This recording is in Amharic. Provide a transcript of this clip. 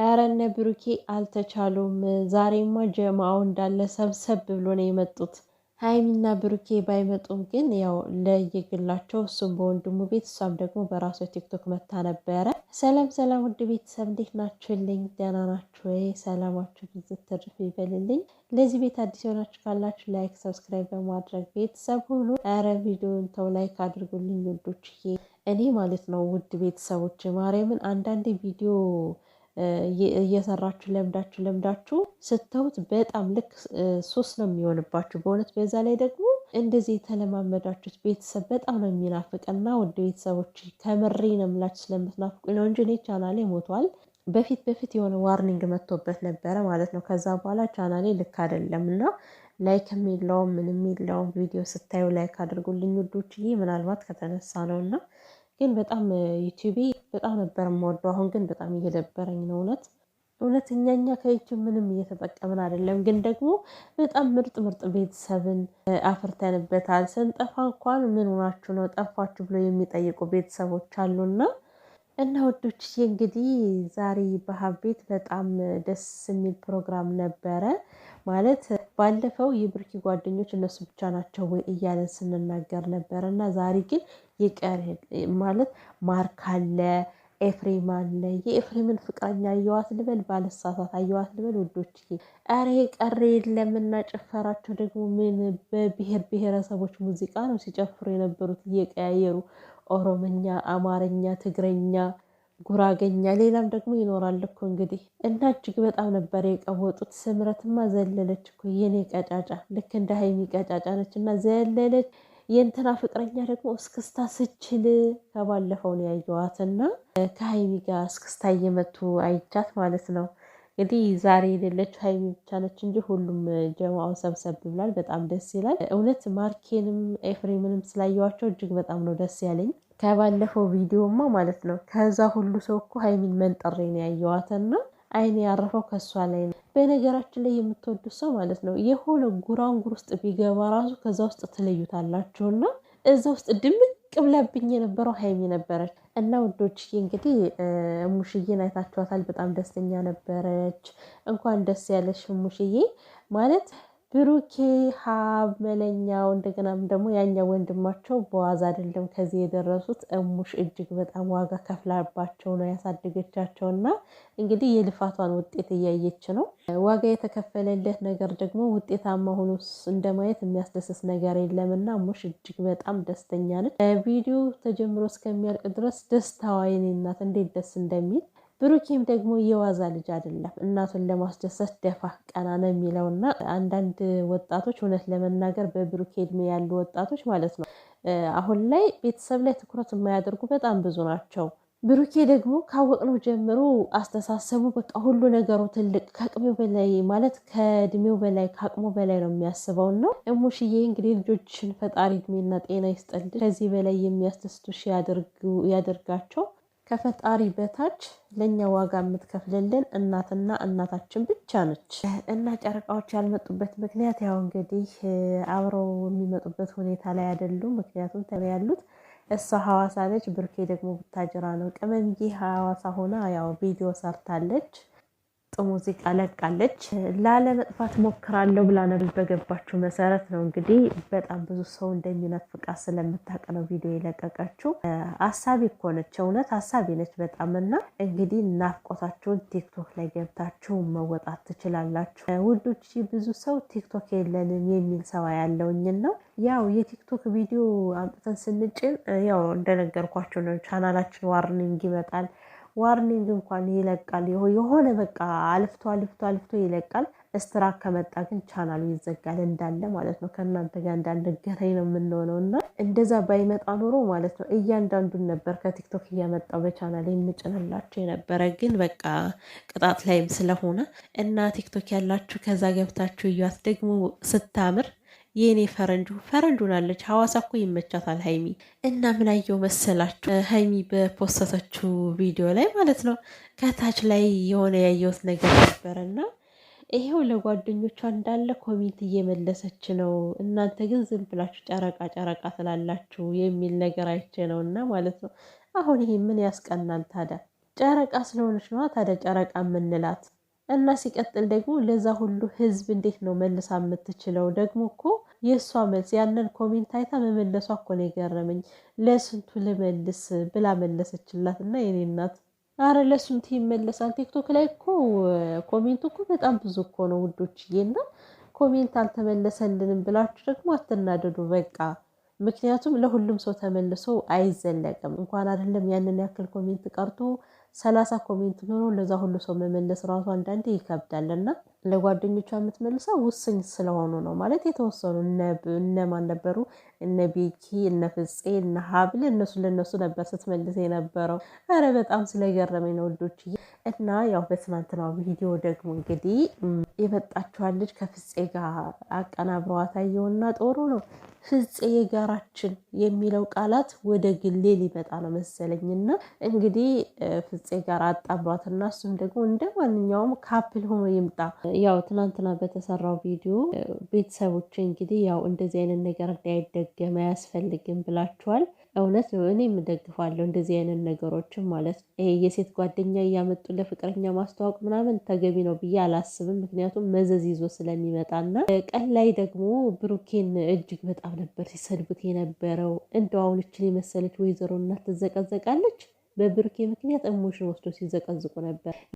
ያረነ ብሩኬ አልተቻሉም። ዛሬማ ጀማው እንዳለ ሰብሰብ ብሎ ነው የመጡት። ሀይሚና ብሩኬ ባይመጡም ግን ያው ለየግላቸው እሱም በወንድሙ ቤት እሷም ደግሞ በራሷ ቲክቶክ መታ ነበረ። ሰላም ሰላም፣ ውድ ቤተሰብ እንዴት ናችሁልኝ? ደህና ናችሁ ወይ? ሰላማችሁ ብዝት ትርፍ ይበልልኝ። ለዚህ ቤት አዲስ የሆናችሁ ካላችሁ ላይክ፣ ሰብስክራይብ በማድረግ ቤተሰብ ሁሉ ኧረ ቪዲዮን ተው ላይክ አድርጉልኝ ውዶችዬ፣ እኔ ማለት ነው ውድ ቤተሰቦች ማርያምን አንዳንድ ቪዲዮ እየሰራችሁ ለምዳችሁ ለምዳችሁ ስተውት በጣም ልክ ሶስት ነው የሚሆንባችሁ። በእውነት በዛ ላይ ደግሞ እንደዚህ የተለማመዳችሁት ቤተሰብ በጣም ነው የሚናፍቅና ወደ ቤተሰቦች ከምሬ ነው የምላችሁ ስለምትናፍቁ ነው እንጂ እኔ ቻናሌ ሞቷል። በፊት በፊት የሆነ ዋርኒንግ መጥቶበት ነበረ ማለት ነው። ከዛ በኋላ ቻናሌ ልክ አይደለም እና ላይክ የሚለውም ምንም የሚለውም ቪዲዮ ስታዩ ላይክ አድርጉልኝ ይህ ምናልባት ከተነሳ ነው እና ግን በጣም ዩቲዩብ በጣም ነበር የምወደው። አሁን ግን በጣም እየደበረኝ ነው እውነት እውነት እኛ ከዩቲዩብ ምንም እየተጠቀምን አይደለም። ግን ደግሞ በጣም ምርጥ ምርጥ ቤተሰብን አፍርተንበታል። ስንጠፋ እንኳን ምን ሆናችሁ ነው ጠፋችሁ ብሎ የሚጠይቁ ቤተሰቦች አሉና እና ወዶች እንግዲህ ዛሬ በሀብ ቤት በጣም ደስ የሚል ፕሮግራም ነበረ። ማለት ባለፈው የብርኪ ጓደኞች እነሱ ብቻ ናቸው ወይ እያለን ስንናገር ነበረ እና ዛሬ ግን ይቀር ማለት ማርክ አለ፣ ኤፍሬም አለ። የኤፍሬምን ፍቅረኛ አየዋት ልበል፣ ባለሳሳት አየዋት ልበል። ውዶች ኧረ ቀረ የለም። እና ጭፈራቸው ደግሞ ምን በብሔር ብሔረሰቦች ሙዚቃ ነው ሲጨፍሩ የነበሩት እየቀያየሩ ኦሮምኛ፣ አማርኛ፣ ትግረኛ ጉራገኛ ሌላም ደግሞ ይኖራል እኮ እንግዲህ። እና እጅግ በጣም ነበር የቀወጡት። ስምረትማ ዘለለች እኮ የኔ ቀጫጫ፣ ልክ እንደ ሀይሚ ቀጫጫ ነች እና ዘለለች። የእንትና ፍቅረኛ ደግሞ እስክስታ ስችል ከባለፈው ነው ያየኋት ከሀይሚ ጋር እስክስታ እየመቱ አይቻት ማለት ነው። እንግዲህ ዛሬ የሌለችው ሀይሚ ብቻ ነች እንጂ ሁሉም ጀማው ሰብሰብ ብሏል። በጣም ደስ ይላል። እውነት ማርኬንም ኤፍሬምንም ስላየዋቸው እጅግ በጣም ነው ደስ ያለኝ። ከባለፈው ቪዲዮማ ማለት ነው ከዛ ሁሉ ሰው እኮ ሀይሚን መንጠሬ ነው ያየዋትና አይን ያረፈው ከእሷ ላይ ነው። በነገራችን ላይ የምትወዱት ሰው ማለት ነው የሆነ ጉራንጉር ውስጥ ቢገባ ራሱ ከዛ ውስጥ ትለዩታላችሁና እዛ ውስጥ ድምቅ ቅብላብኝ የነበረው ሀይሚ ነበረች። እና ውዶችዬ እንግዲህ እሙሽዬን አይታችኋታል። በጣም ደስተኛ ነበረች። እንኳን ደስ ያለሽ ሙሽዬ ማለት ብሩኬ ሀመለኛው እንደገናም ደግሞ ያኛው ወንድማቸው በዋዛ አይደለም ከዚህ የደረሱት። እሙሽ እጅግ በጣም ዋጋ ከፍላባቸው ነው ያሳደገቻቸው እና እንግዲህ የልፋቷን ውጤት እያየች ነው። ዋጋ የተከፈለለት ነገር ደግሞ ውጤታማ ሆኖ እንደማየት የሚያስደስት ነገር የለም እና እሙሽ እጅግ በጣም ደስተኛ ነች። ቪዲዮ ተጀምሮ እስከሚያልቅ ድረስ ደስታዋ የኔ እናት እንዴት ደስ እንደሚል ብሩኬም ደግሞ የዋዛ ልጅ አይደለም። እናቱን ለማስደሰት ደፋ ቀና ነው የሚለውና አንዳንድ ወጣቶች እውነት ለመናገር በብሩኬ እድሜ ያሉ ወጣቶች ማለት ነው አሁን ላይ ቤተሰብ ላይ ትኩረት የማያደርጉ በጣም ብዙ ናቸው። ብሩኬ ደግሞ ካወቅነው ጀምሮ አስተሳሰቡ በቃ ሁሉ ነገሩ ትልቅ ከአቅሜው በላይ ማለት ከእድሜው በላይ ከአቅሞ በላይ ነው የሚያስበው ነው። እሙሽዬ እንግዲህ ልጆችን ፈጣሪ እድሜና ጤና ይስጠልሽ፣ ከዚህ በላይ የሚያስደስቱሽ ያደርጋቸው ከፈጣሪ በታች ለእኛ ዋጋ የምትከፍልልን እናትና እናታችን ብቻ ነች። እና ጨረቃዎች ያልመጡበት ምክንያት ያው እንግዲህ አብረው የሚመጡበት ሁኔታ ላይ አይደሉም። ምክንያቱም ተ ያሉት እሷ ሐዋሳ ነች፣ ብርኬ ደግሞ ብታጅራ ነው። ቅመምዬ ሐዋሳ ሆና ያው ቪዲዮ ሰርታለች። ጥሩ ሙዚቃ ለቃለች። ላለመጥፋት ሞክራለሁ ብላ ነብይ በገባችው መሰረት ነው እንግዲህ በጣም ብዙ ሰው እንደሚነፍቃ ስለምታውቅ ነው ቪዲዮ የለቀቀችው። አሳቢ እኮ ነች፣ እውነት አሳቢ ነች በጣም እና እንግዲህ ናፍቆታችሁን ቲክቶክ ላይ ገብታችሁ መወጣት ትችላላችሁ ውዶች። ብዙ ሰው ቲክቶክ የለንም የሚል ሰባ ያለውኝን ነው ያው የቲክቶክ ቪዲዮ አምጥተን ስንጭን ያው እንደነገርኳቸው ነው ቻናላችን ዋርኒንግ ይመጣል ዋርኒንግ እንኳን ይለቃል። የሆነ በቃ አልፍቶ አልፍቶ አልፍቶ ይለቃል። እስትራክ ከመጣ ግን ቻናሉ ይዘጋል እንዳለ ማለት ነው። ከእናንተ ጋር እንዳንገናኝ ነው የምንሆነው። እና እንደዛ ባይመጣ ኖሮ ማለት ነው እያንዳንዱን ነበር ከቲክቶክ እያመጣው በቻናል የምጭንላቸው የነበረ ግን በቃ ቅጣት ላይም ስለሆነ እና ቲክቶክ ያላችሁ ከዛ ገብታችሁ እያት ደግሞ ስታምር የእኔ ፈረንጁ ፈረንጁ ናለች። ሀዋሳ እኮ ይመቻታል ሀይሚ። እና ምናየው መሰላችሁ ሀይሚ በፖስተተችው ቪዲዮ ላይ ማለት ነው ከታች ላይ የሆነ ያየሁት ነገር እና ይሄው ለጓደኞቿ እንዳለ ኮሜንት እየመለሰች ነው። እናንተ ግን ዝም ብላችሁ ጨረቃ ጨረቃ ትላላችሁ የሚል ነገር አይቼ ነው። እና ማለት ነው አሁን ይሄ ምን ያስቀናል ታዲያ? ጨረቃ ስለሆነች ነዋ ታዲያ ጨረቃ የምንላት እና ሲቀጥል ደግሞ ለዛ ሁሉ ህዝብ እንዴት ነው መልሳ የምትችለው? ደግሞ እኮ የእሷ መልስ ያንን ኮሜንት አይታ መመለሷ እኮ ነው የገረመኝ። ለስንቱ ልመልስ ብላ መለሰችላት እና የኔ እናት አረ ለስንቱ ይመለሳል። ቲክቶክ ላይ እኮ ኮሜንቱ እኮ በጣም ብዙ እኮ ነው ውዶችዬ። እና ኮሜንት አልተመለሰልንም ብላችሁ ደግሞ አትናደዱ በቃ ምክንያቱም ለሁሉም ሰው ተመልሶ አይዘለቅም። እንኳን አይደለም ያንን ያክል ኮሜንት ቀርቶ ሰላሳ ኮሜንት ኖሮ ለዛ ሁሉ ሰው መመለስ ራሱ አንዳንዴ ይከብዳልና ለጓደኞቿ የምትመልሰው ውስኝ ስለሆኑ ነው። ማለት የተወሰኑ እነማን ነበሩ? እነ ቤኪ፣ እነ ፍፄ፣ እነ ሀብል እነሱ ለእነሱ ነበር ስትመልስ የነበረው። ኧረ በጣም ስለገረመኝ ነው ወዶች እና ያው በትናንትናው ቪዲዮ ደግሞ እንግዲህ የመጣችኋን ልጅ ከፍፄ ጋር አቀናብረዋታየውና ጦሩ ነው ፍፄ የጋራችን የሚለው ቃላት ወደ ግሌ ሊመጣ ነው መሰለኝ። እንግዲህ ፍፄ ጋር አጣብሯትና እሱም ደግሞ እንደ ማንኛውም ካፕል ሆኖ ይምጣ ያው ትናንትና በተሰራው ቪዲዮ ቤተሰቦች እንግዲህ ያው እንደዚህ አይነት ነገር እንዳይደገም አያስፈልግም ብላችኋል። እውነት ነው፣ እኔም እደግፋለሁ እንደዚህ አይነት ነገሮችን ማለት ነው። ይሄ የሴት ጓደኛ እያመጡ ለፍቅረኛ ማስተዋወቅ ምናምን ተገቢ ነው ብዬ አላስብም። ምክንያቱም መዘዝ ይዞ ስለሚመጣና ቀን ላይ ደግሞ ብሩኬን እጅግ በጣም ነበር ሲሰድቡት የነበረው። እንደው አሁን እችን የመሰለች ወይዘሮ እናት ትዘቀዘቃለች። በብሩኬ ምክንያት እሞሽን ወስዶ ሲዘቀዝቁ ነበር።